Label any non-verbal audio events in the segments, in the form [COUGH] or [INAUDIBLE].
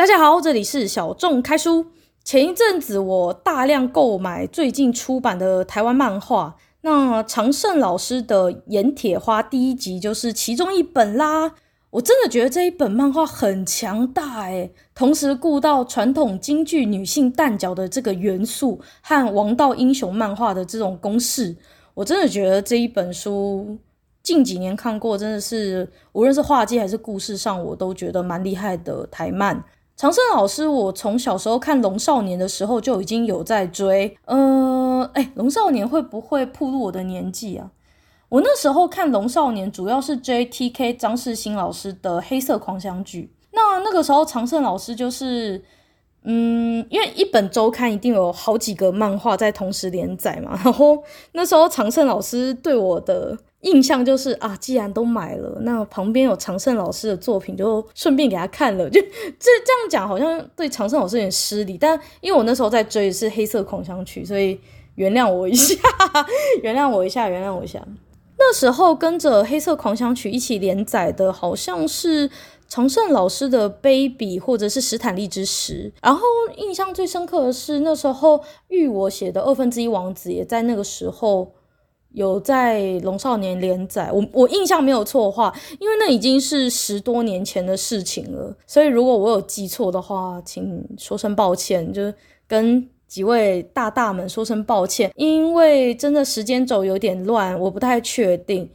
大家好，這裡是小眾開書。前一陣子我大量購買最近出版的台灣漫畫，那常勝老師的《閻鐵花》第一集就是其中一本啦。我真的覺得這一本漫畫很強大誒、欸，同時顧到傳統京劇女性旦角的這個元素和王道英雄漫畫的這種公式，我真的覺得這一本書近幾年看過真的是，無論是畫技還是故事上，我都覺得蠻厲害的台漫。常勝老師，我從小時候看《龍少年》的時候就已經有在追，嗯、呃，哎、欸，《龍少年》會不會暴露我的年紀啊？我那時候看《龍少年》，主要是追 T.K. 張世新老師的《黑色狂想曲》，那那個時候常勝老師就是。嗯，因為一本周刊一定有好幾個漫畫在同時連載嘛，然後那時候常勝老師對我的印象就是啊，既然都買了，那旁邊有常勝老師的作品就順便給他看了，就這這樣講好像對常勝老師有點失禮，但因為我那時候在追的是《黑色狂想曲》，所以原諒我， [LAUGHS] 我一下，原諒我一下，原諒我一下。那時候跟着《黑色狂想曲》一起連載的好像是。常勝老師的《baby》或者是史坦利之石，然後印象最深刻的是那時候御我寫的《二分之一王子》也在那個時候有在龍少年連載。我我印象沒有錯的話，因為那已經是十多年前的事情了，所以如果我有記錯的話，請說聲抱歉，就是跟幾位大大們說聲抱歉，因為真的時間軸有點亂，我不太確定。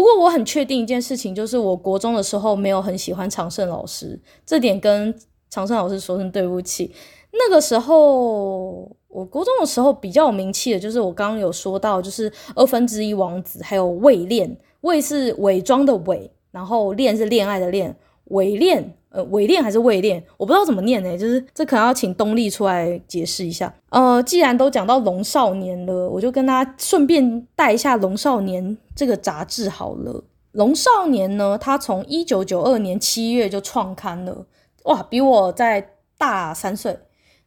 不過我很確定一件事情，就是我國中的時候沒有很喜歡常勝老師，這點跟常勝老師說聲對不起。那個時候，我國中的時候比較有名氣的，就是我剛剛有說到，就是二分之一王子，還有偽戀，偽是偽裝的偽，然後戀是戀愛的戀，偽戀。呃，偽戀還是未戀，我不知道怎麼念誒、欸、就是這可能要請東立出來解釋一下。呃，既然都講到《龍少年》了，我就跟大家順便帶一下《龍少年》這個雜誌好了。《龍少年》呢，他從一九九二年七月就創刊了，哇，比我再大三歲。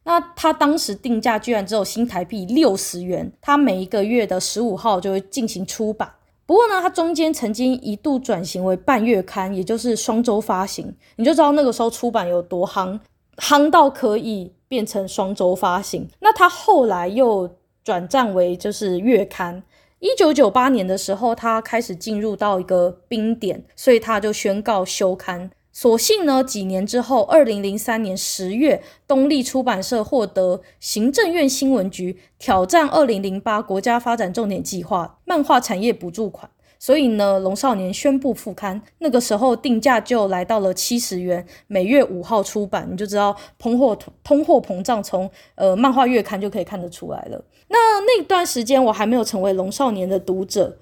那他當時定價居然只有新台幣六十元，他每一個月的十五號就會進行出版。不過呢，它中間曾經一度轉型為半月刊，也就是雙週發行，你就知道那個時候出版有多夯，夯到可以變成雙週發行。那它後來又轉戰為就是月刊。一九九八年的時候，它開始進入到一個冰點，所以它就宣告休刊。所幸呢，幾年之後，二零零三年十月，東立出版社獲得行政院新聞局挑戰二零零八國家發展重點計劃，漫畫產業補助款，所以呢，龍少年宣布復刊。那個時候定價就來到了七十元，每月五號出版，你就知道通貨通通貨膨脹從呃漫畫月刊就可以看得出來了。那那段時間我還沒有成為龍少年的讀者，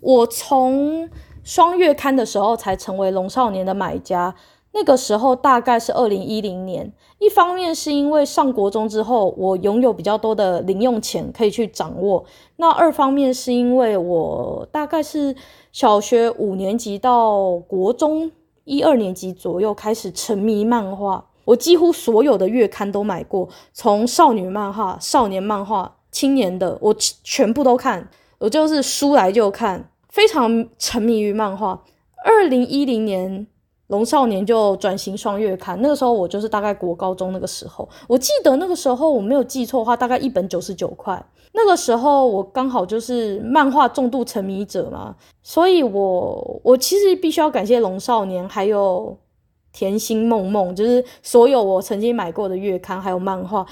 我從。雙月刊的時候才成為龍少年的買家，那個時候大概是二零一零年。一方面是因為上國中之後，我擁有比較多的零用錢可以去掌握；那二方面是因為我大概是小學五年級到國中一二年級左右開始沉迷漫畫，我幾乎所有的月刊都買過，從少女漫畫、少年漫畫、青年的，我全部都看，我就是書來就看。非常沉迷於漫畫。二零一零年，《龍少年》就轉型雙月刊。那個時候，我就是大概國高中那個時候。我記得那個時候，我沒有記錯的話，大概一本九十九塊。那個時候，我剛好就是漫畫重度沉迷者嘛，所以我，我我其實必須要感謝《龍少年》還有《甜心夢夢》，就是所有我曾經買過的月刊還有漫畫。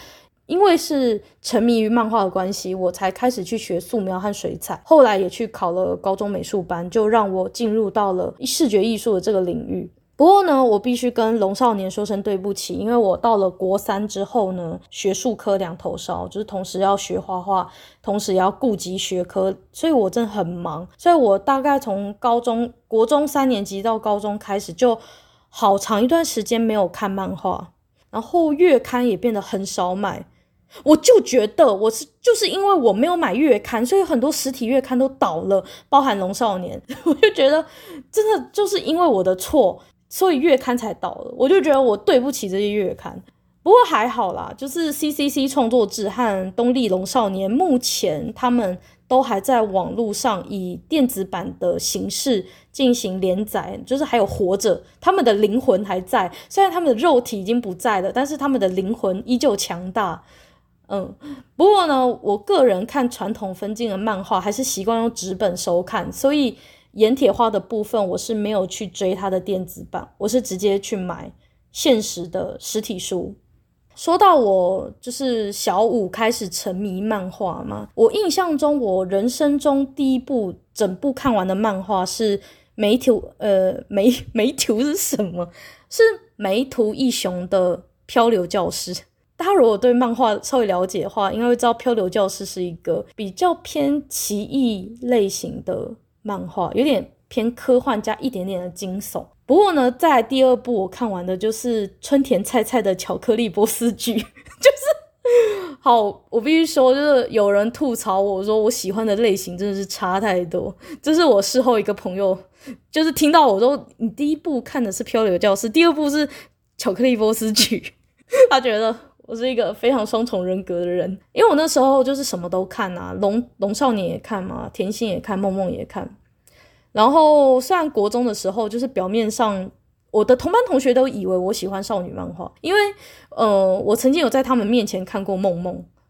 因為是沉迷於漫畫的關係，我才開始去學素描和水彩，後來也去考了高中美術班，就讓我進入到了視覺藝術的這個領域。不過呢，我必須跟龍少年說聲對不起，因為我到了國三之後呢，學術科兩頭燒，就是同時要學畫畫，同時也要顧及學科，所以我真的很忙。所以我大概從高中、國中三年級到高中開始，就好長一段時間沒有看漫畫。然後月刊也變得很少買，我就覺得我是就是因為我沒有買月刊，所以很多實體月刊都倒了，包含龍少年。我就覺得真的就是因為我的錯，所以月刊才倒了。我就覺得我對不起這些月刊。不過還好啦，就是 CCC 創作志和東立龍少年，目前他們都還在網絡上以電子版的形式進行連載，就是還有活着，他們的靈魂還在，雖然他們的肉體已經不在了，但是他們的靈魂依舊強大。嗯，不過呢，我個人看傳統分鏡的漫畫還是習慣用紙本收看，所以閻鐵花的部分我是沒有去追他的電子版，我是直接去買現實的實體書。說到我就是小五開始沉迷漫畫嘛，我印象中我人生中第一部整部看完的漫畫是《梅圖》呃，梅《梅梅圖》是什麼？是《梅圖一雄》的《漂流教室》。大家如果對漫畫稍微了解的話，應該會知道《漂流教室》是一個比較偏奇異類型的漫畫，有點偏科幻加一點點的驚悚。不過呢，在第二部我看完的就是春田菜菜的《巧克力波斯菊，》 [LAUGHS] 就是好，我必須說，就是有人吐槽我說，我喜歡的類型真的是差太多。就是我事後一個朋友，就是聽到我說，你第一部看的是《漂流教室》，第二部是《巧克力波斯菊，》 [LAUGHS] 他覺得我是一個非常雙重人格的人，因為我那時候就是什麼都看啊，龍龍少年也看嘛，甜心也看，夢夢也看。然後，雖然國中的時候，就是表面上我的同班同學都以為我喜歡少女漫畫，因為，呃，我曾經有在他們面前看過《夢夢》，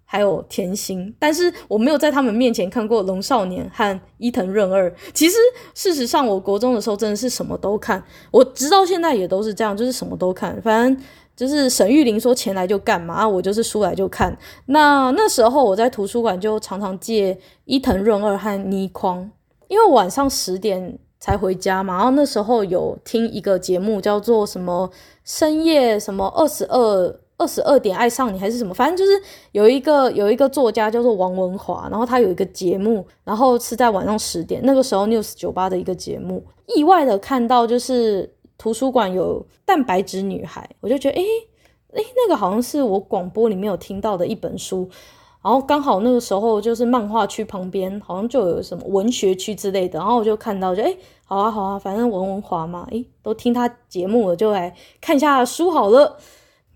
還有《甜心》，但是我沒有在他們面前看過《龍少年》和《伊藤潤二》。其實，事實上，我國中的時候真的是什麼都看，我直到現在也都是這樣，就是什麼都看。反正就是沈玉琳說錢來就幹嘛，我就是書來就看。那那時候我在圖書館就常常借《伊藤潤二》和《倪匡》。因為晚上十點才回家嘛，然後那時候有聽一個節目，叫做什麼深夜什麼二十二二十二點愛上你還是什麼，反正就是有一個有一個作家叫做王文華，然後他有一個節目，然後是在晚上十點那個時候 News 九八的一個節目，意外的看到就是圖書館有《蛋白質女孩》，我就覺得哎誒、欸欸，那個好像是我廣播裡面有聽到的一本書。然後剛好那個時候就是漫畫區旁邊好像就有什麼文學區之類的，然後我就看到就誒，好啊好啊，反正文文華嘛，誒，都聽他節目了，就來看一下書好了。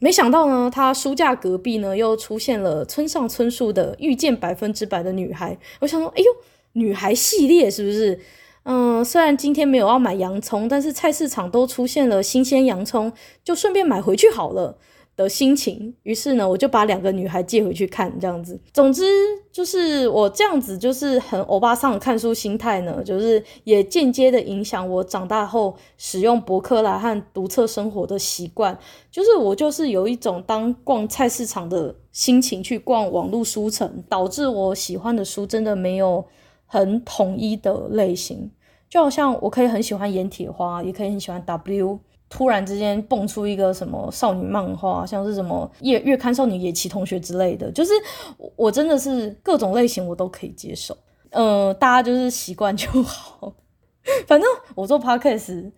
沒想到呢，他書架隔壁呢又出現了村上春樹的《遇見百分之百的女孩》，我想說，哎呦，女孩系列是不是？嗯，雖然今天沒有要買洋蔥，但是菜市場都出現了新鮮洋蔥，就順便買回去好了。的心情，於是呢，我就把兩個女孩借回去看，這樣子。總之，就是我這樣子，就是很歐巴桑的看書心態呢，就是也間接的影響我長大後使用博客來和讀冊生活的習慣。就是我就是有一種當逛菜市場的心情去逛網絡書城，導致我喜歡的書真的沒有很統一的類型。就好像我可以很喜歡閻鐵花，也可以很喜歡 W。突然之間蹦出一個什麼少女漫畫，啊，像是什麼月月刊少女野崎同學之類的，就是我真的是各種類型我都可以接受。嗯、呃，大家就是習慣就好。 [LAUGHS] 反正我做 podcast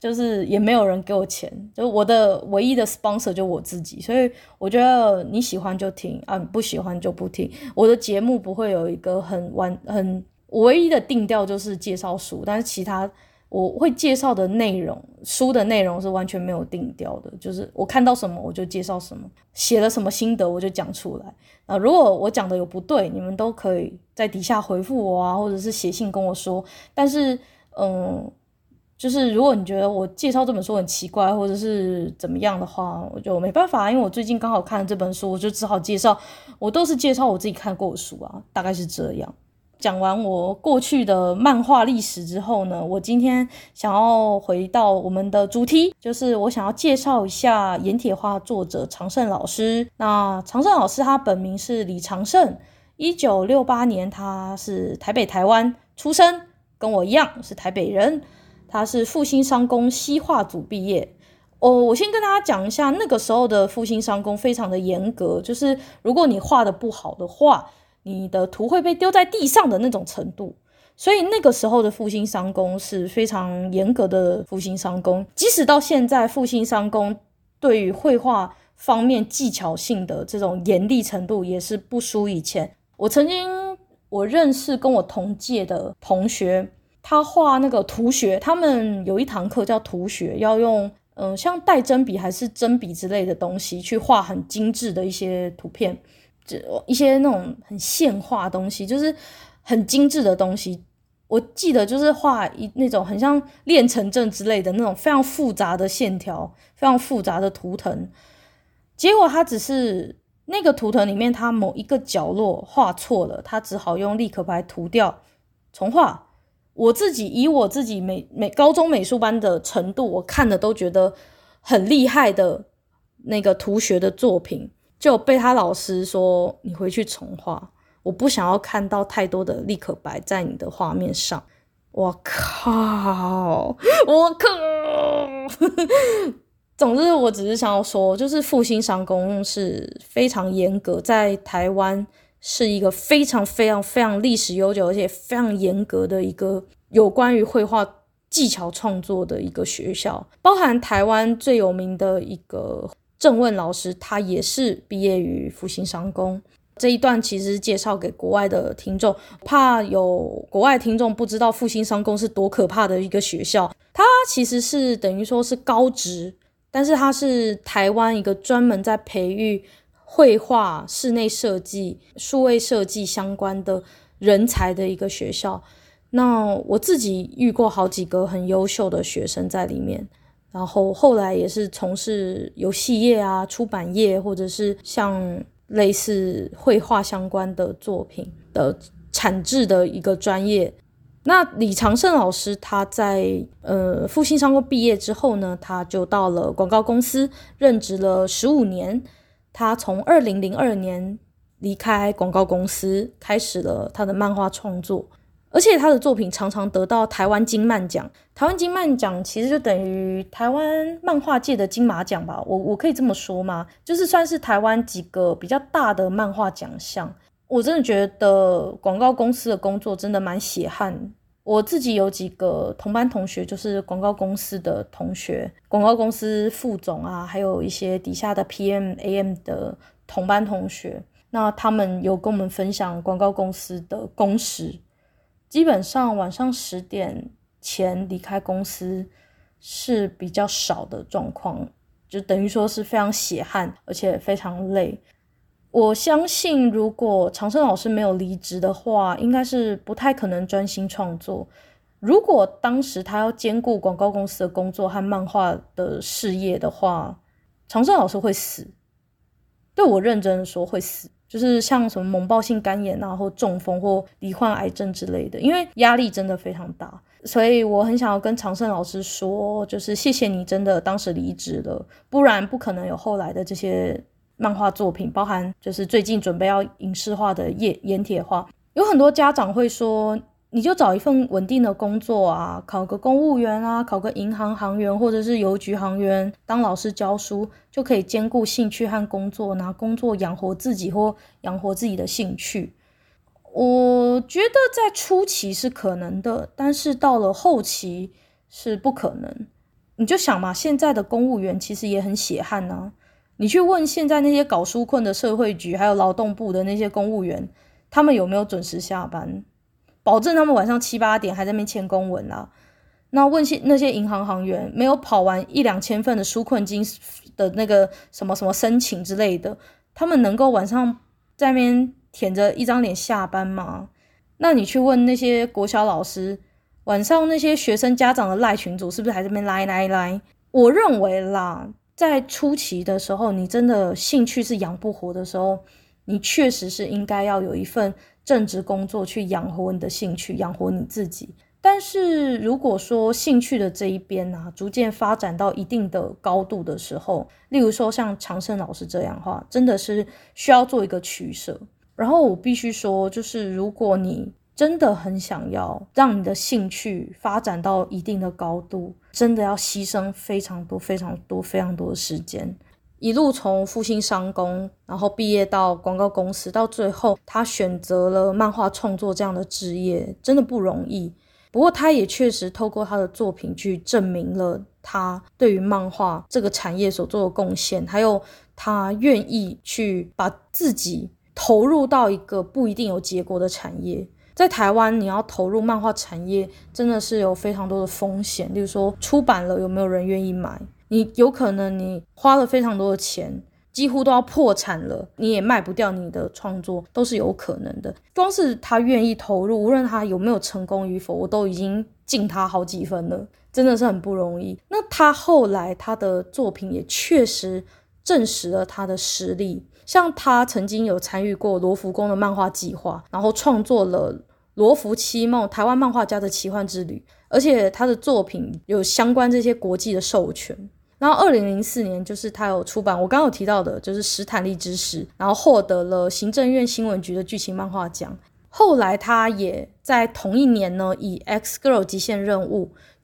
就是也沒有人給我錢，就我的唯一的 sponsor 就我自己，所以我覺得你喜歡就聽，啊，不喜歡就不聽。我的節目不會有一個很完很唯一的定調，就是介紹書，但是其他。我會介紹的內容，書的內容是完全沒有定調的，就是我看到什麼我就介紹什麼，寫了什麼心得我就講出來。啊，如果我講的有不對，你們都可以在底下回復我啊，或者是寫信跟我說。但是，嗯，就是如果你覺得我介紹這本書很奇怪，或者是怎麼樣的話，我就沒辦法，因為我最近剛好看了這本書，我就只好介紹，我都是介紹我自己看過的書啊，大概是這樣。講完我過去的漫畫歷史之後呢，我今天想要回到我們的主題，就是我想要介紹一下《閻鐵花》作者常勝老師。那常勝老師他本名是李常勝，一九六八年他是台北台灣出生，跟我一樣是台北人。他是復興商工西畫組畢業。哦、oh，我先跟大家講一下，那個時候的復興商工非常的嚴格，就是如果你畫得不好的話。你的圖會被丟在地上的那種程度，所以那個時候的復興商工是非常嚴格的復興商工。即使到現在，復興商工對於繪畫方面技巧性的這種嚴厲程度也是不輸以前。我曾經我認識跟我同屆的同學，他畫那個圖學，他們有一堂課叫圖學，要用嗯、呃、像帶針筆還是針筆之類的東西去畫很精緻的一些圖片。就一些那種很線畫東西，就是很精緻的東西。我記得就是畫一那種很像煉成陣之類的那種非常複雜的線條，非常複雜的圖騰。結果他只是那個圖騰裡面，他某一個角落畫錯了，他只好用立可白把它塗掉，重畫。我自己以我自己美美高中美術班的程度，我看的都覺得很厲害的那個圖學的作品，就被他老師說，你回去重畫，我不想要看到太多的立可白在你的畫面上。我靠！我靠！ [LAUGHS] 總之，我只是想要說，就是復興商工是非常嚴格，在台灣是一個非常非常非常歷史悠久而且非常嚴格的一個有關於繪畫技巧創作的一個學校，包含台灣最有名的一個。鄭問老師，他也是畢業於復興商工。這一段其實介紹給國外的聽眾，怕有國外的聽眾不知道復興商工是多可怕的一個學校。它其實是等於說是高職，但是它是台灣一個專門在培育繪畫、室內設計、數位設計相關的人才的一個學校。那我自己遇過好幾個很優秀的學生在裡面。然後後來也是從事遊戲業啊、出版業，或者是像類似繪畫相關的作品的產制的一個專業。那李常勝老師他在呃復興商工畢業之後呢，他就到了廣告公司任職了十五年。他從二零零二年離開廣告公司，開始了他的漫畫創作。而且他的作品常常得到台灣金漫獎。台灣金漫獎其實就等於台灣漫畫界的金馬獎吧，我我可以這麼說嗎？就是算是台灣幾個比較大的漫畫獎項。我真的覺得廣告公司的工作真的蠻血汗。我自己有幾個同班同學，就是廣告公司的同學，廣告公司副總啊，還有一些底下的 PM、AM 的同班同學。那他們有跟我們分享廣告公司的工時。基本上晚上十點前離開公司是比較少的狀況，就等於說是非常血汗，而且非常累。我相信，如果常勝老師沒有離職的話，應該是不太可能專心創作。如果當時他要兼顧廣告公司的工作和漫畫的事業的話，常勝老師會死。對我認真說，會死。就是像什麼猛爆性肝炎啊，或中風或罹患癌症之類的，因為壓力真的非常大，所以我很想要跟常勝老師說，就是謝謝你真的當時離職了，不然不可能有後來的這些漫畫作品，包含就是最近準備要影視化的閻《閻鐵花》，有很多家長會說。你就找一份穩定的工作啊，考個公務員啊，考個銀行行員或者是郵局行員，當老師教書就可以兼顧興趣和工作，拿工作養活自己或養活自己的興趣。我覺得在初期是可能的，但是到了後期是不可能。你就想嘛，現在的公務員其實也很血汗啊。你去問現在那些搞紓困的社會局，還有勞動部的那些公務員，他們有沒有準時下班？保證他們晚上七八點還在那邊簽公文啦。那問些那些銀行行員沒有跑完一兩千份的紓困金的那個什麼什麼申請之類的，他們能夠晚上在那邊舔着一張臉下班嗎？那你去問那些國小老師，晚上那些學生家長的賴群組是不是還在那邊賴賴賴。我認為啦，在初期的時候，你真的興趣是養不活的時候，你確實是應該要有一份。正職工作去養活你的興趣，養活你自己。但是如果說興趣的這一邊呢、啊，逐漸發展到一定的高度的時候，例如說像常勝老師這樣的話，真的是需要做一個取捨。然後我必須說，就是如果你真的很想要讓你的興趣發展到一定的高度，真的要犧牲非常多、非常多、非常多的時間。一路從復興商工，然後畢業到廣告公司，到最後他選擇了漫畫創作這樣的職業，真的不容易。不過他也確實透過他的作品去證明了他對於漫畫這個產業所做的貢獻，還有他願意去把自己投入到一個不一定有結果的產業。在台灣，你要投入漫畫產業，真的是有非常多的風險，例如說出版了有沒有人願意買。你有可能，你花了非常多的錢，幾乎都要破產了，你也賣不掉你的創作，都是有可能的。光是他願意投入，無論他有沒有成功與否，我都已經敬他好幾分了，真的是很不容易。那他後來他的作品也確實證實了他的實力，像他曾經有參與過羅浮宮的漫畫計劃，然後創作了《羅浮七夢：台灣漫畫家的奇幻之旅》，而且他的作品有相關這些國際的授權。然後，二零零四年，就是他有出版我剛剛有提到的，就是《史坦利之死》，然後獲得了行政院新聞局的劇情漫畫獎。後來，他也在同一年呢，以 X《X Girl 極限任務》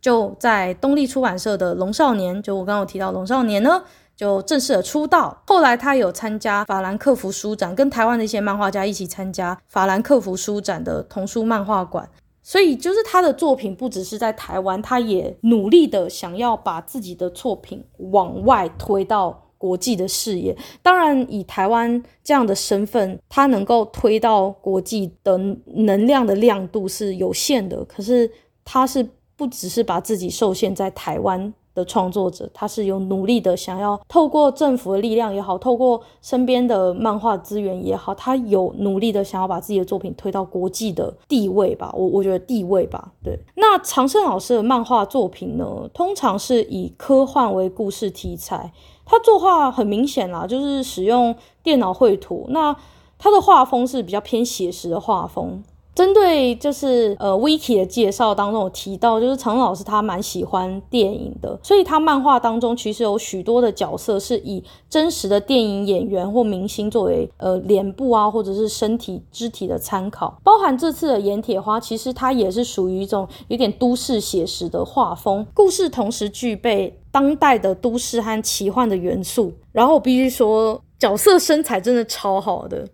就在東立出版社的《龍少年》，就我剛剛有提到《龍少年》呢，就正式的出道。後來，他有參加法蘭克福書展，跟台灣的一些漫畫家一起參加法蘭克福書展的童書漫畫館。所以，就是他的作品不只是在台灣，他也努力的想要把自己的作品往外推到國際的視野。當然，以台灣這樣的身份，他能夠推到國際的能量的亮度是有限的。可是，他是不只是把自己受限在台灣。的創作者，他是有努力的，想要透過政府的力量也好，透過身邊的漫畫資源也好，他有努力的想要把自己的作品推到國際的地位吧。我我覺得地位吧，對。那常勝老師的漫畫作品呢，通常是以科幻為故事題材，他作畫很明顯啦，就是使用電腦繪圖，那他的畫風是比較偏寫實的畫風。針對就是呃，Vicky 的介紹當中有提到，就是常老師他蠻喜歡電影的，所以他漫畫當中其實有許多的角色是以真實的電影演員或明星作為呃臉部啊或者是身體肢體的參考，包含這次的閻鐵花，其實他也是屬於一種有點都市寫實的畫風，故事同時具備當代的都市和奇幻的元素，然後我必須說角色身材真的超好的。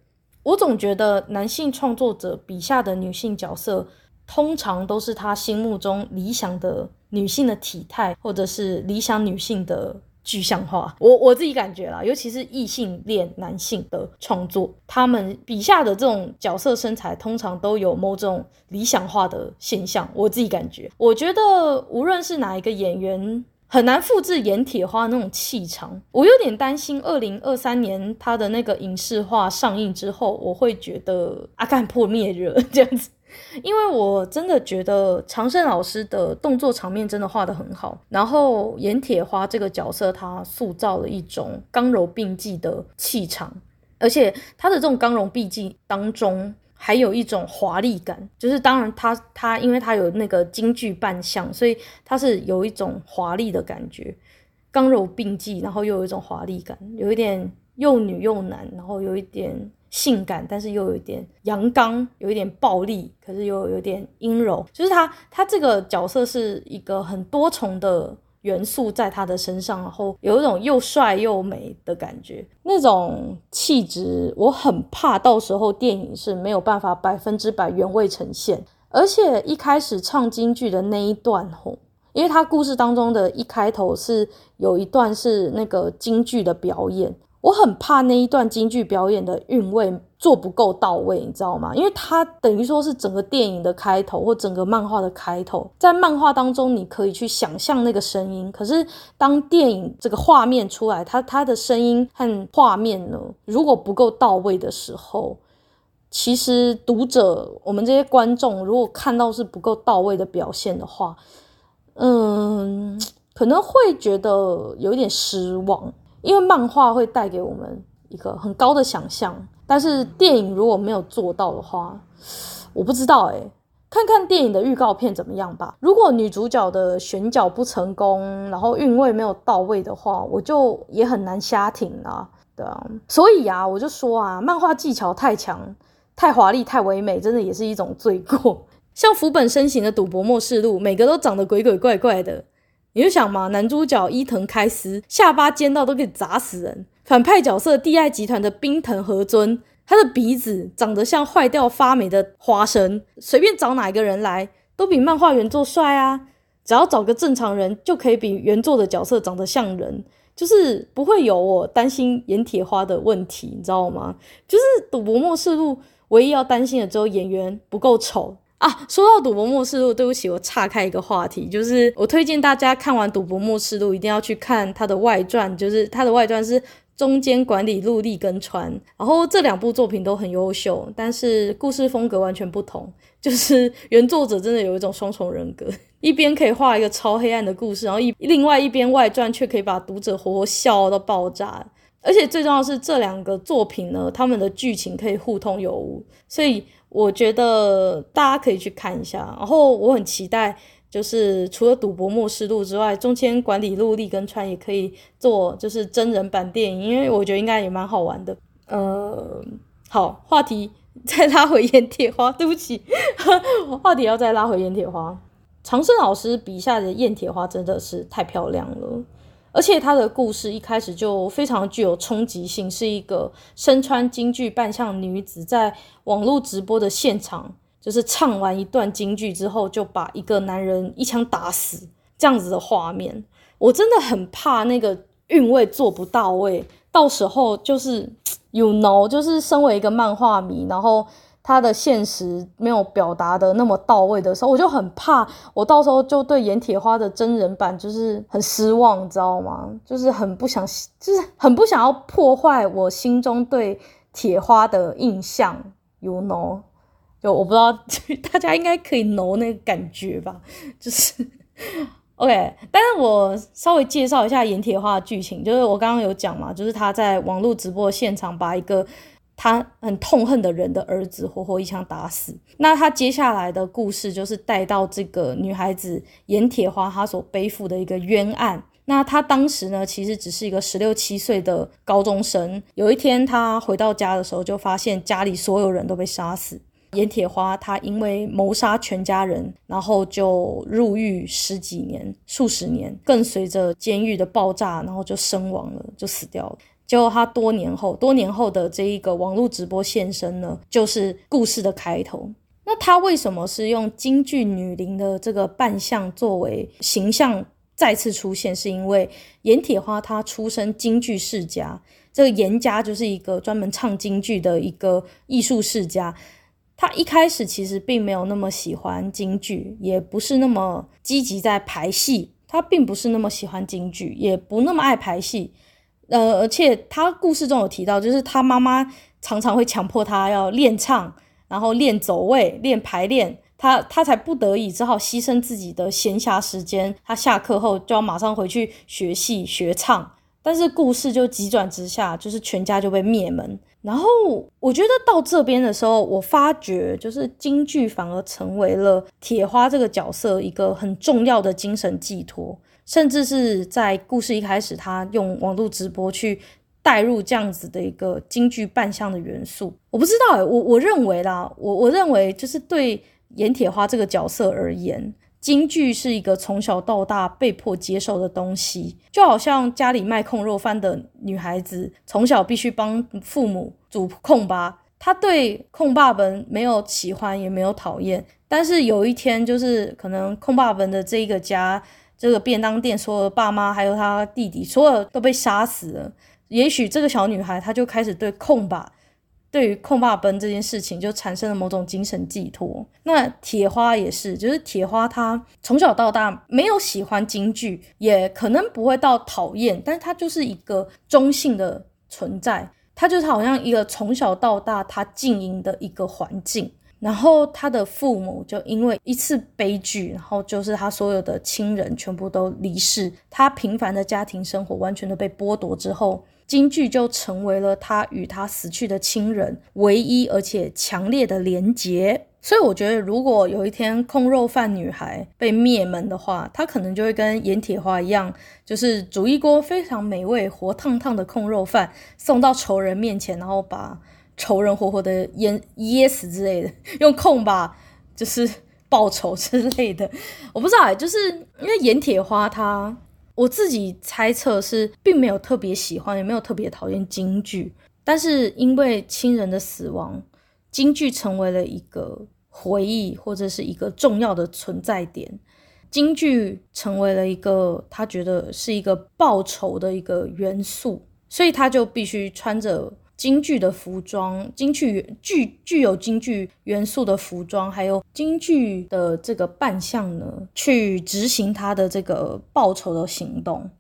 我總覺得男性創作者筆下的女性角色，通常都是他心目中理想的女性的體態，或者是理想女性的具象化。我我自己感覺啦，尤其是異性戀男性的創作，他們筆下的這種角色身材，通常都有某種理想化的現象。我自己感覺，我覺得無論是哪一個演員。很難複製閻鐵花那種氣場，我有點擔心二零二三年他的那個影視化上映之後，我會覺得阿甘破滅熱這樣子，因為我真的覺得常勝老師的動作場面真的畫得很好，然後閻鐵花這個角色他塑造了一種剛柔並濟的氣場，而且他的這種剛柔並濟當中。還有一種華麗感，就是當然他他，因為他有那個京劇扮相，所以他是有一種華麗的感覺，剛柔並濟，然後又有一種華麗感，有一點又女又男，然後有一點性感，但是又有一點陽剛，有一點暴力，可是又有，有點陰柔，就是他他這個角色是一個很多重的。元素在他的身上，然後有一種又帥又美的感覺，那種氣質我很怕到時候電影是沒有辦法百分之百原味呈現。而且一開始唱京劇的那一段，吼，因為他故事當中的一開頭是有一段是那個京劇的表演。我很怕那一段京劇表演的韻味做不夠到位，你知道嗎？因為它等於說是整個電影的開頭或整個漫畫的開頭，在漫畫當中你可以去想象那個聲音，可是當電影這個畫面出來，它它的聲音和畫面呢，如果不夠到位的時候，其實讀者我們這些觀眾如果看到是不夠到位的表現的話，嗯，可能會覺得有一點失望。因為漫畫會帶給我們一個很高的想象，但是電影如果沒有做到的話，我不知道誒、欸，看看電影的預告片怎麼樣吧。如果女主角的選角不成功，然後韻味沒有到位的話，我就也很難瞎挺啊。對啊，所以啊，我就說啊，漫畫技巧太強、太華麗、太唯美，真的也是一種罪過。像福本伸行的《賭博默示錄》，每個都長得鬼鬼怪怪的。你就想嘛，男主角伊藤開司下巴尖到都可以砸死人，反派角色帝愛集團的冰藤和尊，他的鼻子長得像壞掉發霉的花生，隨便找哪一個人來都比漫畫原作帥啊，只要找個正常人就可以比原作的角色長得像人，就是不會有我擔心演鐵花的問題，你知道嗎？就是《賭博默示錄》唯一要擔心的只有演員不夠醜。啊，說到《賭博默示錄》，對不起，我岔開一個話題，就是我推薦大家看完《賭博默示錄》，一定要去看它的外傳，就是它的外傳是中間管理錄利根川，然後這兩部作品都很優秀，但是故事風格完全不同，就是原作者真的有一種雙重人格，一邊可以畫一個超黑暗的故事，然後一另外一邊外傳卻可以把讀者活活笑到爆炸，而且最重要的是這兩個作品呢，他們的劇情可以互通有無，所以。我覺得大家可以去看一下，然後我很期待，就是除了《賭博默示錄》之外，中間管理錄利根川也可以做，就是真人版電影，因為我覺得應該也蠻好玩的。呃、嗯，好，話題再拉回《閻鐵花》，對不起，話題要再拉回《閻鐵花》，常勝老師筆下的《閻鐵花》真的是太漂亮了。而且他的故事一開始就非常具有衝擊性，是一個身穿京劇扮相女子在網絡直播的現場，就是唱完一段京劇之後，就把一個男人一槍打死這樣子的畫面。我真的很怕那個韻味做不到位，到時候就是 you know, 就是身為一個漫畫迷，然後。他的現實沒有表達的那麼到位的時候，我就很怕，我到時候就對閻鐵花的真人版就是很失望，你知道嗎？就是很不想，就是很不想要破壞我心中對鐵花的印象。You know，就我不知道大家應該可以 know 那個感覺吧？就是 OK，但是我稍微介紹一下閻鐵花的劇情，就是我剛剛有講嘛，就是他在網絡直播現場把一個。他很痛恨的人的兒子，活活一槍打死。那他接下來的故事就是帶到這個女孩子閻鐵花她所背負的一個冤案。那她當時呢，其實只是一個十六七歲的高中生。有一天她回到家的時候，就發現家裡所有人都被殺死。閻鐵花她因為謀殺全家人，然後就入獄十幾年、數十年，更隨着監獄的爆炸，然後就身亡了，就死掉了。結果他多年後，多年後的這一個網絡直播現身呢，就是故事的開頭。那他為什麼是用京劇女伶的這個扮相作為形象再次出現？是因為閻鐵花她出身京劇世家，這個閻家就是一個專門唱京劇的一個藝術世家。他一開始其實並沒有那麼喜歡京劇，也不是那麼積極在排戲。他並不是那麼喜歡京劇，也不那麼愛排戲。呃，而且他故事中有提到，就是他媽媽常常會強迫他要練唱，然後練走位、練排練，他他才不得已只好犧牲自己的閒暇時間，他下課後就要馬上回去學戲學唱。但是故事就急轉直下，就是全家就被滅門。然後我覺得到這邊的時候，我發覺就是京劇反而成為了鐵花這個角色一個很重要的精神寄託。甚至是在故事一開始，他用網絡直播去帶入這樣子的一個京劇扮相的元素。我不知道、欸、我我認為啦，我我認為就是對閻鐵花這個角色而言，京劇是一個從小到大被迫接受的東西。就好像家裡賣控肉飯的女孩子，從小必須幫父母煮控吧，她對控霸本沒有喜歡，也沒有討厭，但是有一天，就是可能控霸本的這一個家，這個便當店，所有的爸媽還有他弟弟，所有的都被殺死了。也許這個小女孩，她就開始對空爸，對於空爸奔這件事情，就產生了某種精神寄託。那鐵花也是，就是鐵花，她從小到大沒有喜歡京劇，也可能不會到討厭，但是她就是一個中性的存在，她就是好像一個從小到大她經營的一個環境。然後他的父母就因為一次悲劇，然後就是他所有的親人全部都離世，他平凡的家庭生活完全都被剝奪之後，京劇就成為了他與他死去的親人唯一而且強烈的聯結。所以我覺得，如果有一天控肉飯女孩被滅門的話，她可能就會跟閻鐵花一樣，就是煮一鍋非常美味、活燙燙的控肉飯送到仇人面前，然後把。仇人活活的淹噎死之類的，用空吧，就是報仇之類的，我不知道、欸、就是因為閻鐵花它，我自己猜測是並沒有特別喜歡，也沒有特別討厭京劇，但是因為親人的死亡，京劇成為了一個回憶或者是一個重要的存在點，京劇成為了一個他覺得是一個報仇的一個元素，所以他就必須穿着。京劇的服裝，京劇具具，具有京劇元素的服裝，還有京劇的這個扮相呢，去執行他的這個報酬的行動。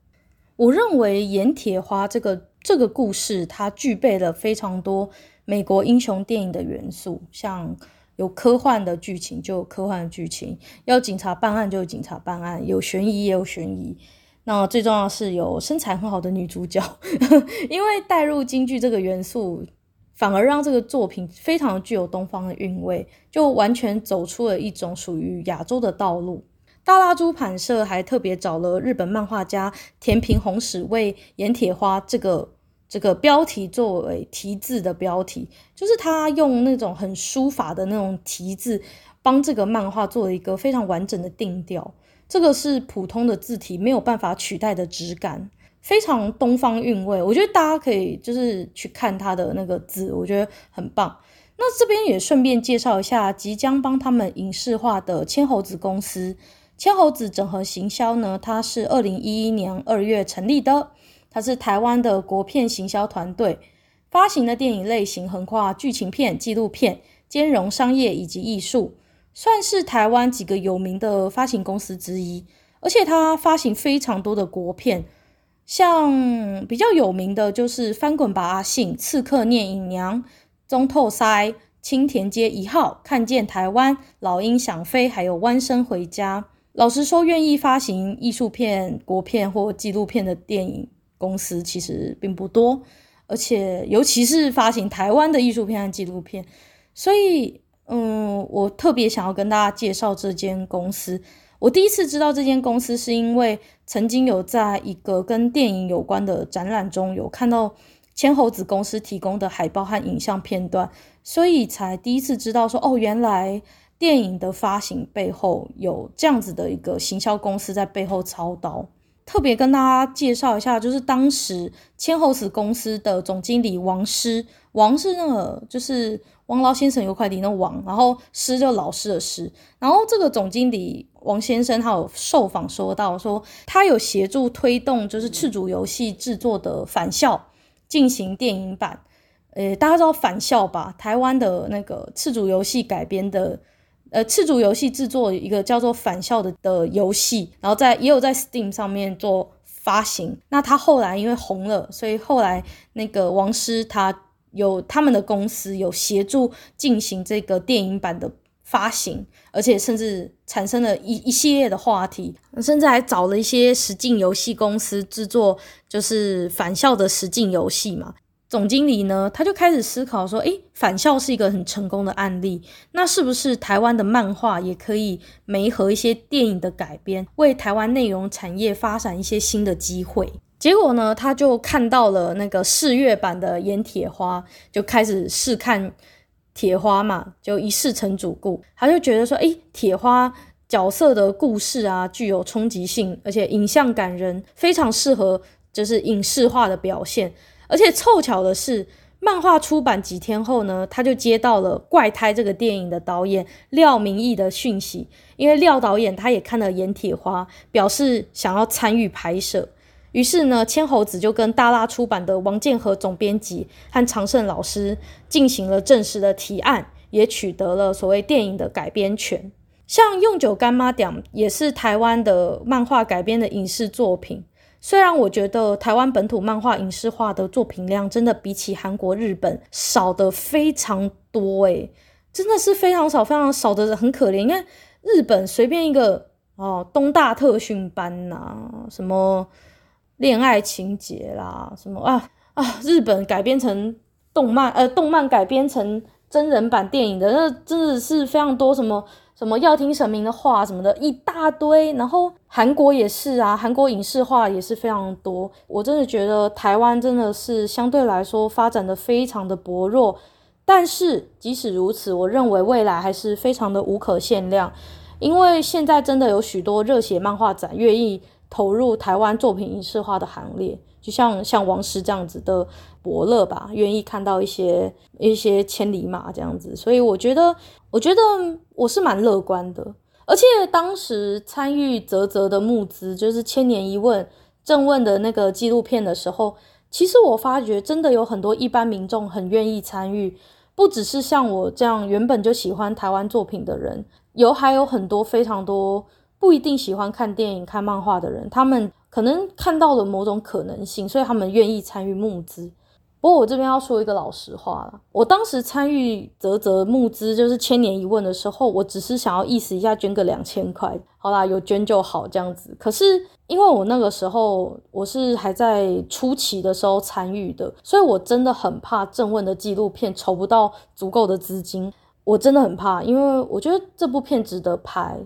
我認為《閻鐵花》這個這個故事，它具備了非常多美國英雄電影的元素，像有科幻的劇情就有科幻的劇情，要警察辦案就有警察辦案，有懸疑也有懸疑。那最重要的是有身材很好的女主角， [LAUGHS] 因為帶入京劇這個元素，反而讓這個作品非常具有東方的韻味，就完全走出了一種屬於亞洲的道路。大辣出版社還特別找了日本漫畫家田平弘史為《閻鐵花》這個這個標題作為題字的標題，就是他用那種很書法的那種題字，幫這個漫畫做了一個非常完整的定調。這個是普通的字體，沒有辦法取代的質感，非常東方韻味。我覺得大家可以就是去看它的那個字，我覺得很棒。那這邊也順便介紹一下即將幫他們影視化的牽猴子公司。牽猴子整合行銷呢，它是二零一一年二月成立的，它是台灣的國片行銷團隊，發行的電影類型橫跨劇情片、紀錄片，兼容商業以及藝術。算是台灣幾個有名的發行公司之一，而且它發行非常多的國片，像比較有名的，就是《翻滾吧，阿信》《刺客聶隱娘》《中透塞》《青田街一號》《看見台灣》《老鷹想飛》還有《灣生回家》。老實說，願意發行藝術片、國片或紀錄片的電影公司其實並不多，而且尤其是發行台灣的藝術片和紀錄片，所以。嗯，我特別想要跟大家介紹這間公司。我第一次知道這間公司，是因為曾經有在一個跟電影有關的展覽中有看到牽猴子公司提供的海報和影像片段，所以才第一次知道說，哦，原來電影的發行背後有這樣子的一個行銷公司在背後操刀。特別跟大家介紹一下，就是當時牽猴子公司的總經理王師。王是那個，就是王老先生有塊地那王，然後師就老師的師。然後這個總經理王先生，他有受訪說到說他有協助推動，就是赤燭遊戲製作的《返校》進行電影版。呃，大家知道《返校》吧？台灣的那個赤燭遊戲改編的，呃，赤燭遊戲製作一個叫做《返校》的的遊戲，然後在也有在 Steam 上面做發行。那他後來因為紅了，所以後來那個王師他。有他們的公司有協助進行這個電影版的發行，而且甚至產生了一一系列的話題，甚至還找了一些實境遊戲公司制作，就是《返校》的實境遊戲嘛。總經理呢，他就開始思考說，誒，《返校》是一個很成功的案例，那是不是台灣的漫畫也可以媒合一些電影的改編，為台灣內容產業發展一些新的機會？結果呢，他就看到了那個試閱版的《閻鐵花》，就開始試看鐵花嘛，就一試成主顧。他就覺得說，哎，鐵花角色的故事啊，具有衝擊性，而且影像感人，非常適合就是影視化的表現。而且湊巧的是，漫畫出版幾天後呢，他就接到了《怪胎》這個電影的導演廖明毅的訊息，因為廖導演他也看了《閻鐵花》，表示想要參與拍攝。於是呢，千猴子就跟大辣出版的王建和總編輯和常勝老師進行了正式的提案，也取得了所謂電影的改編權。像《用九柑仔店》也是台灣的漫畫改編的影視作品。雖然我覺得台灣本土漫畫影視化的作品量真的比起韓國、日本少得非常多、欸，真的是非常少、非常少的，很可憐。你看日本隨便一個哦，東大特訓班吶、啊，什麼？戀愛情節啦，什麼啊啊！日本改編成動漫，呃，動漫改編成真人版電影的，那真的是非常多，什麼什麼要聽神明的話什麼的，一大堆。然後韓國也是啊，韓國影視化也是非常多。我真的覺得台灣真的是相對來說發展的非常的薄弱，但是即使如此，我認為未來還是非常的無可限量，因為現在真的有許多熱血漫畫展願意。投入台灣作品影視化的行列，就像像王師這樣子的伯樂吧，願意看到一些一些千里馬這樣子，所以我覺得，我覺得我是蠻樂觀的。而且當時參與嘖嘖的募資，就是《千年一問》鄭問的那個紀錄片的時候，其實我發覺真的有很多一般民眾很願意參與，不只是像我這樣原本就喜歡台灣作品的人，有還有很多非常多。不一定喜歡看電影、看漫畫的人，他們可能看到了某種可能性，所以他們願意參與募資。不過我這邊要說一個老實話了，我當時參與澤澤募資，就是《千年一問》的時候，我只是想要意思一下，捐個兩千塊，好啦，有捐就好這樣子。可是因為我那個時候我是還在初期的時候參與的，所以我真的很怕正問的紀錄片籌不到足夠的資金，我真的很怕，因為我覺得這部片值得拍。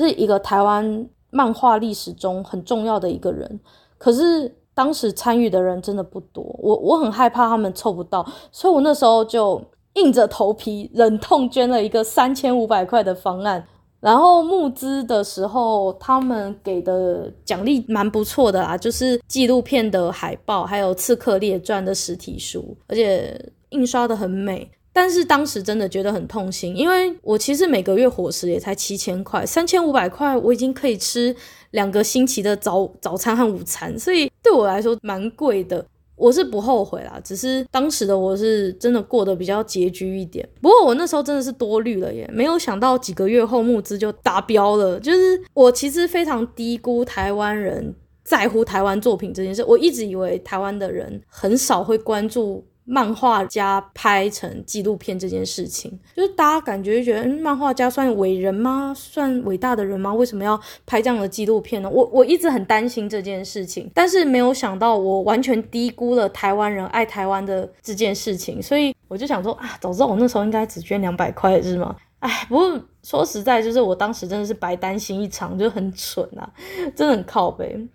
是一個台灣漫畫歷史中很重要的一個人，可是當時參與的人真的不多，我我很害怕他們湊不到，所以我那時候就硬着頭皮，忍痛捐了一個三千五百塊的方案。然後募資的時候，他們給的獎勵蠻不錯的啦，就是紀錄片的海報，還有《刺客列傳》的實體書，而且印刷的很美。但是當時真的覺得很痛心，因為我其實每個月伙食也才七千塊，三千五百塊我已經可以吃兩個星期的早早餐和午餐，所以對我來說蠻貴的。我是不後悔啦，只是當時的我是真的過得比較拮據一點。不過我那時候真的是多慮了耶，沒有想到幾個月後募資就達標了。就是我其實非常低估台灣人在乎台灣作品這件事，我一直以為台灣的人很少會關注漫畫家拍成紀錄片這件事情，就是大家感覺覺得，嗯，漫畫家算偉人嗎？算偉大的人嗎？為什麼要拍這樣的紀錄片呢？我我一直很擔心這件事情，但是沒有想到，我完全低估了台灣人愛台灣的這件事情，所以我就想說啊，早知道我那時候應該只捐兩百塊，是嗎？哎，不過說實在，就是我當時真的是白擔心一場，就很蠢啊，真的很靠北。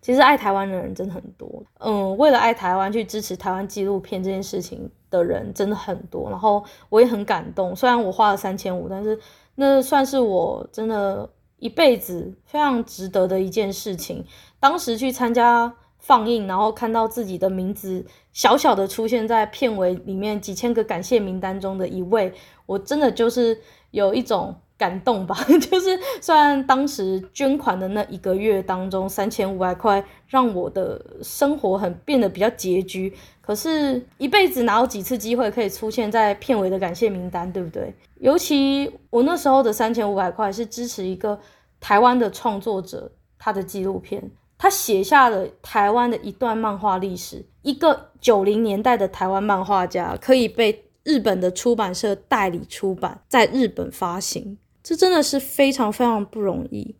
其實愛台灣的人真的很多，嗯，為了愛台灣去支持台灣紀錄片這件事情的人真的很多，然後我也很感動。雖然我花了三千五，但是那算是我真的一輩子非常值得的一件事情。當時去參加放映，然後看到自己的名字小小的出現在片尾裡面幾千個感謝名單中的一位，我真的就是有一種。感動吧，就是雖然當時捐款的那一個月當中，三千五百塊讓我的生活很變得比較拮據，可是一輩子哪有幾次機會可以出現在片尾的感謝名單，對不對？尤其我那時候的三千五百塊是支持一個台灣的創作者，他的紀錄片，他寫下了台灣的一段漫畫歷史，一個九零年代的台灣漫畫家可以被日本的出版社代理出版，在日本發行。這真的是非常非常不容易。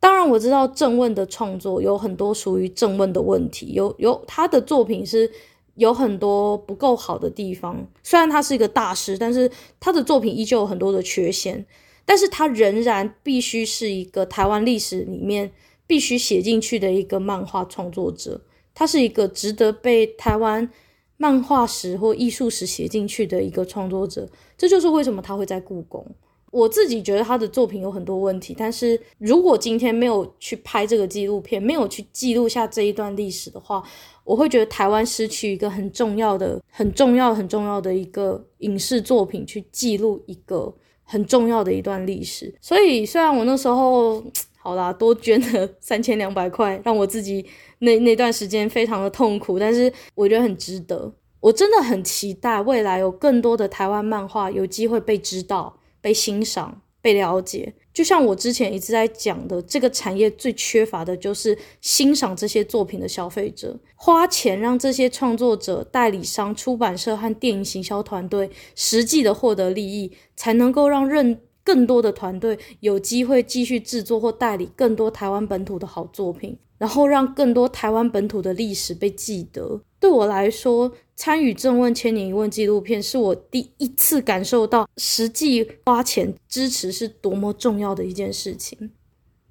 當然，我知道鄭問的創作有很多屬於鄭問的問題，有有他的作品是有很多不夠好的地方。雖然他是一個大師，但是他的作品依舊有很多的缺陷。但是他仍然必須是一個台灣歷史裡面必須寫進去的一個漫畫創作者。他是一個值得被台灣漫畫史或藝術史寫進去的一個創作者。這就是為什麼他會在故宮。我自己覺得他的作品有很多問題，但是如果今天沒有去拍這個紀錄片，沒有去記錄下這一段歷史的話，我會覺得台灣失去一個很重要的、很重要、很重要的一個影視作品，去記錄一個很重要的一段歷史。所以，雖然我那時候好啦，多捐了三千兩百塊，讓我自己那那段時間非常的痛苦，但是我覺得很值得。我真的很期待未來有更多的台灣漫畫有機會被知道。被欣賞、被了解，就像我之前一直在講的，這個產業最缺乏的就是欣賞這些作品的消費者，花錢讓這些創作者、代理商、出版社和電影行銷團隊實際的獲得利益，才能夠讓認。更多的團隊有機會繼續制作或代理更多台灣本土的好作品，然後讓更多台灣本土的歷史被記得。對我來說，參與《鄭問千年一問》紀錄片是我第一次感受到實際花錢支持是多麼重要的一件事情。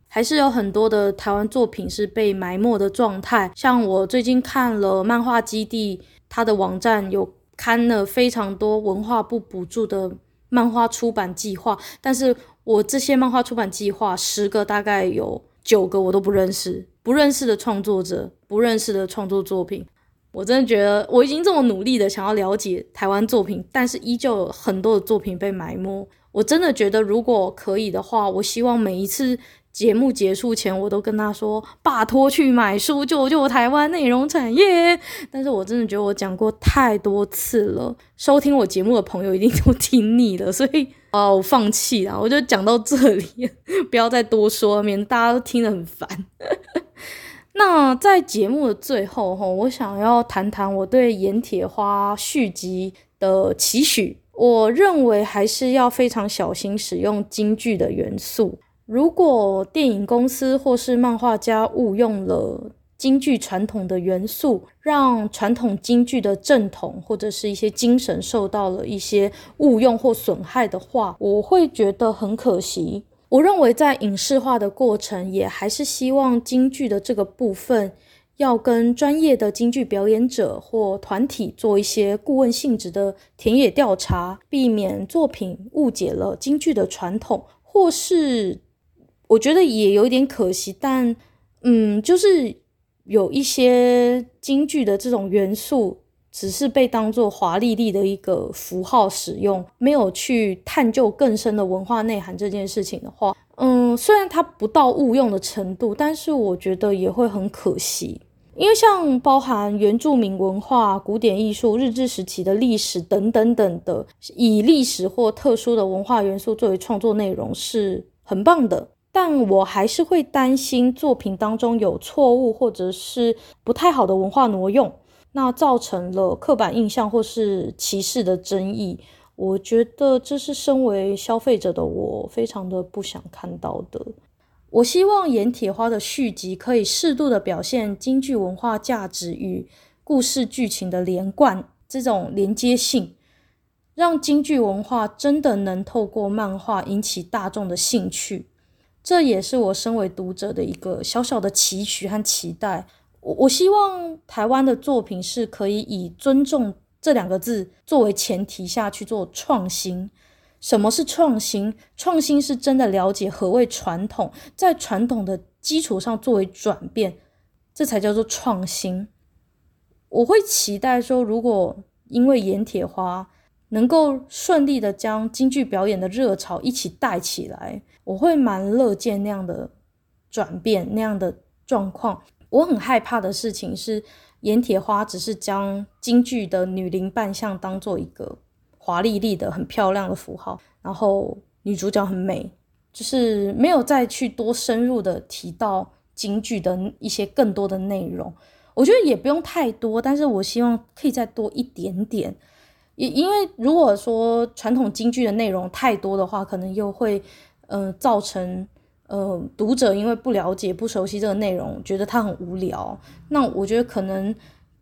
還是有很多的台灣作品是被埋沒的狀態，像我最近看了漫畫基地，它的網站有刊了非常多文化部補助的。漫畫出版計劃，但是我這些漫畫出版計劃，十個大概有九個我都不認識，不認識的創作者，不認識的創作作品，我真的覺得我已經這麼努力的想要了解台灣作品，但是依舊有很多的作品被埋沒。我真的覺得，如果可以的話，我希望每一次。節目結束前，我都跟他說：“拜託去買書，救救台灣內容產業。Yeah! ”但是，我真的覺得我講過太多次了，收聽我節目的朋友一定都聽膩了，所以啊、呃，我放棄了，我就講到這裡，不要再多說，免得大家都聽得很煩。 [LAUGHS] 那在節目的最後，我想要談談我對《閻鐵花》續集的期許。我認為還是要非常小心使用京劇的元素。如果電影公司或是漫畫家誤用了京劇傳統的元素，讓傳統京劇的正統或者是一些精神受到了一些誤用或損害的話，我會覺得很可惜。我認為在影視化的過程，也還是希望京劇的這個部分要跟專業的京劇表演者或團體做一些顧問性質的田野調查，避免作品誤解了京劇的傳統或是。我覺得也有一點可惜，但嗯，就是有一些京劇的這種元素，只是被當做華麗麗的一個符號使用，沒有去探究更深的文化內涵這件事情的話，嗯，雖然它不到誤用的程度，但是我覺得也會很可惜。因為像包含原住民文化、古典藝術、日治時期的歷史等等等的，以歷史或特殊的文化元素作為創作內容是很棒的。但我還是會擔心作品當中有錯誤或者是不太好的文化挪用，那造成了刻板印象或是歧視的爭議。我覺得這是身為消費者的我非常的不想看到的。我希望《閻鐵花》的續集可以適度的表現京劇文化價值與故事劇情的連貫，這種連接性，讓京劇文化真的能透過漫畫引起大眾的興趣。這也是我身為讀者的一個小小的期許和期待。我我希望台灣的作品是可以以“尊重”這兩個字作為前提下去做創新。什麼是創新？創新是真的了解何謂傳統，在傳統的基礎上作為轉變，這才叫做創新。我會期待說，如果因為閻鐵花，能夠順利的將京劇表演的熱潮一起帶起來，我會蠻樂見那樣的轉變，那樣的狀況。我很害怕的事情是，閻鐵花只是將京劇的女伶扮相當做一個華麗麗的、很漂亮的符號，然後女主角很美，就是沒有再去多深入的提到京劇的一些更多的內容。我覺得也不用太多，但是我希望可以再多一點點。因為如果說傳統京劇的內容太多的話，可能又會，呃造成，呃，讀者因為不了解、不熟悉這個內容，覺得它很無聊。那我覺得可能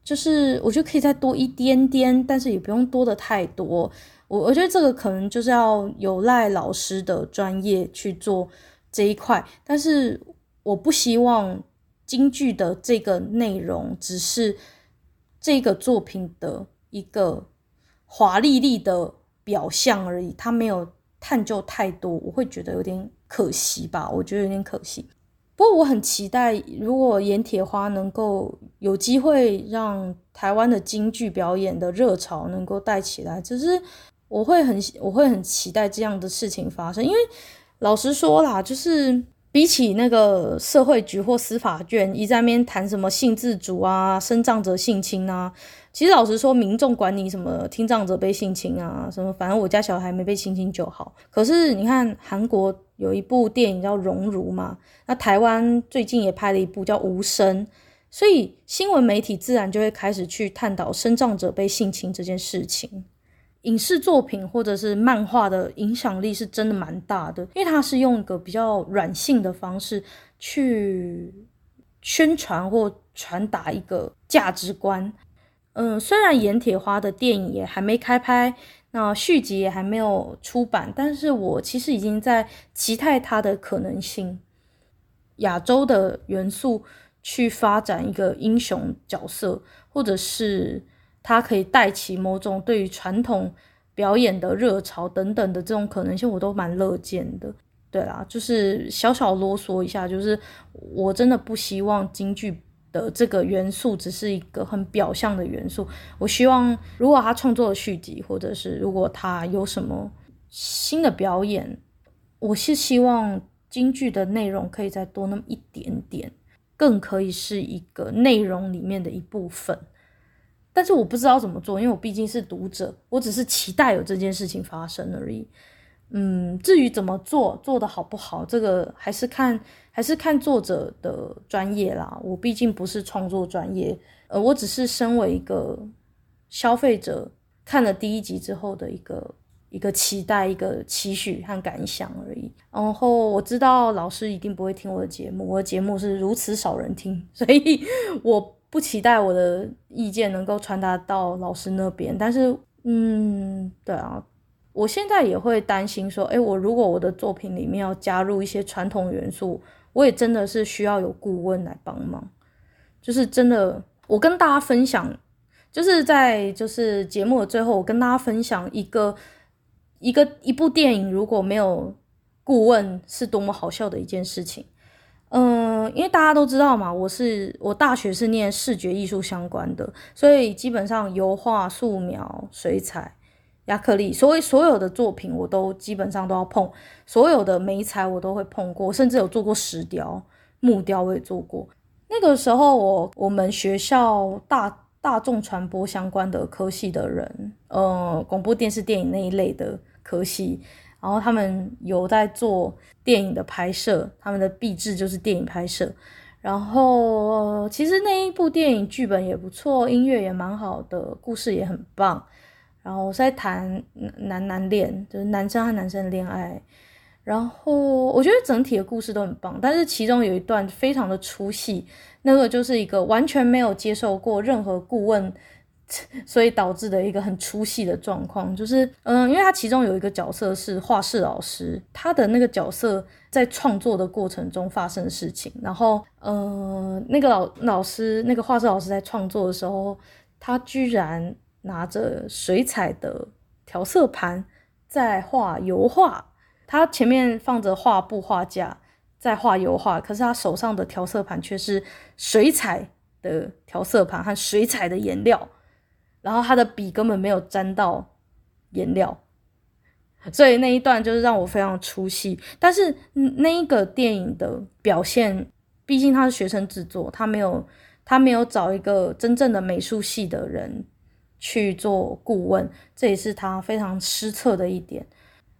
就是，我覺得可以再多一點點，但是也不用多得太多。我我覺得這個可能就是要有賴老師的專業去做這一塊，但是我不希望京劇的這個內容只是這個作品的一個。華麗麗的表象而已，他沒有探究太多，我會覺得有點可惜吧，我覺得有點可惜。不過我很期待，如果閻鐵花能夠有機會讓台灣的京劇表演的熱潮能夠帶起來，只、就是我會很我會很期待這樣的事情發生，因為老實說啦，就是比起那個社會局或司法卷一在那邊談什麼性自主啊、身障者性侵啊。其實，老實說，民眾管你什麼聽障者被性侵啊，什麼，反正我家小孩沒被性侵就好。可是，你看韓國有一部電影叫《熔爐》嘛，那台灣最近也拍了一部叫《無聲》，所以新聞媒體自然就會開始去探討身障者被性侵這件事情。影視作品或者是漫畫的影響力是真的蠻大的，因為它是用一個比較軟性的方式去宣傳或傳達一個價值觀。嗯，雖然閻鐵花的電影也還沒開拍，那續集也還沒有出版，但是我其實已經在期待它的可能性，亞洲的元素去發展一個英雄角色，或者是它可以帶起某種對於傳統表演的熱潮等等的這種可能性，我都蠻樂見的。對啦，就是小小囉嗦一下，就是我真的不希望京劇。的這個元素只是一個很表象的元素。我希望，如果他創作的續集，或者是如果他有什麼新的表演，我是希望京劇的內容可以再多那麼一點點，更可以是一個內容裡面的一部分。但是我不知道怎麼做，因為我畢竟是讀者，我只是期待有這件事情發生而已。嗯，至於怎麼做，做得好不好，這個還是看。還是看作者的專業啦。我畢竟不是創作專業，呃，我只是身為一個消費者，看了第一集之後的一個一個期待、一個期許和感想而已。然後我知道老師一定不會聽我的節目，我的節目是如此少人聽，所以我不期待我的意見能夠傳達到老師那邊。但是，嗯，對啊，我現在也會擔心說，誒，我如果我的作品裡面要加入一些傳統元素。我也真的是需要有顧問來幫忙，就是真的，我跟大家分享，就是在就是節目的最後，我跟大家分享一個一個一部電影如果沒有顧問，是多麼好笑的一件事情。嗯、呃，因為大家都知道嘛，我是我大學是念視覺藝術相關的，所以基本上油畫、素描、水彩、亞克力，所以所有的作品我都基本上都要碰，所有的媒材我都會碰過，甚至有做過石雕、木雕，我也做過。那個時候我，我我們學校大大眾傳播相關的科系的人，呃，廣播電視、電影那一類的科系，然後他們有在做電影的拍攝，他們的畢製就是電影拍攝。然後，呃，其實那一部電影劇本也不錯，音樂也蠻好的，故事也很棒。然後我是在談男男戀，就是男生和男生的戀愛。然後我覺得整體的故事都很棒，但是其中有一段非常的出戲，那個就是一個完全沒有接受過任何顧問，所以導致的一個很出戲的狀況。就是嗯、呃，因為他其中有一個角色是畫室老師，他的那個角色在創作的過程中發生的事情。然後呃，那個老老師，那個畫室老師在創作的時候，他居然。拿着水彩的調色盤在畫油畫，他前面放着畫布畫架在畫油畫，可是他手上的調色盤卻是水彩的調色盤和水彩的顏料，然後他的筆根本沒有沾到顏料，所以那一段就是讓我非常出戲。但是那一個電影的表現，畢竟他是學生制作，他沒有他沒有找一個真正的美術系的人。去做顧問，這也是他非常失策的一點。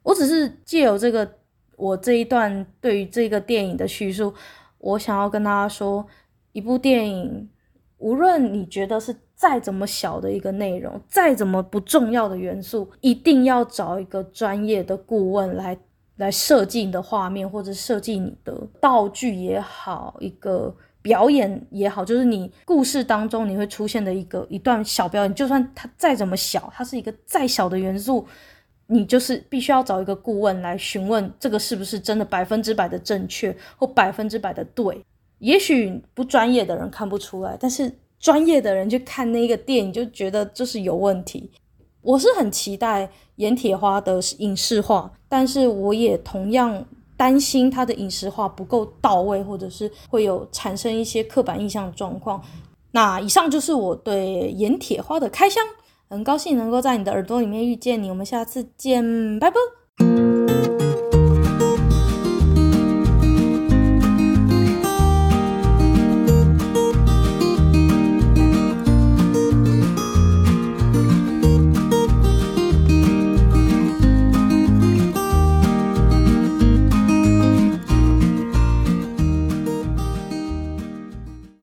我只是借由這個，我這一段對於這個電影的敘述，我想要跟大家說，一部電影，無論你覺得是再怎麼小的一個內容，再怎麼不重要的元素，一定要找一個專業的顧問來，來設計你的畫面，或者設計你的道具也好，一個。表演也好，就是你故事當中你會出現的一個一段小表演，就算它再怎麼小，它是一個再小的元素，你就是必須要找一個顧問來詢問這個是不是真的百分之百的正確或百分之百的對。也許不專業的人看不出來，但是專業的人去看那個電影就覺得就是有問題。我是很期待《閻鐵花》的影視化，但是我也同樣。擔心他的影視化不夠到位，或者是會有產生一些刻板印象的狀況。那以上就是我對閻鐵花的開箱，很高興能夠在你的耳朵裡面遇見你，我們下次見，拜拜。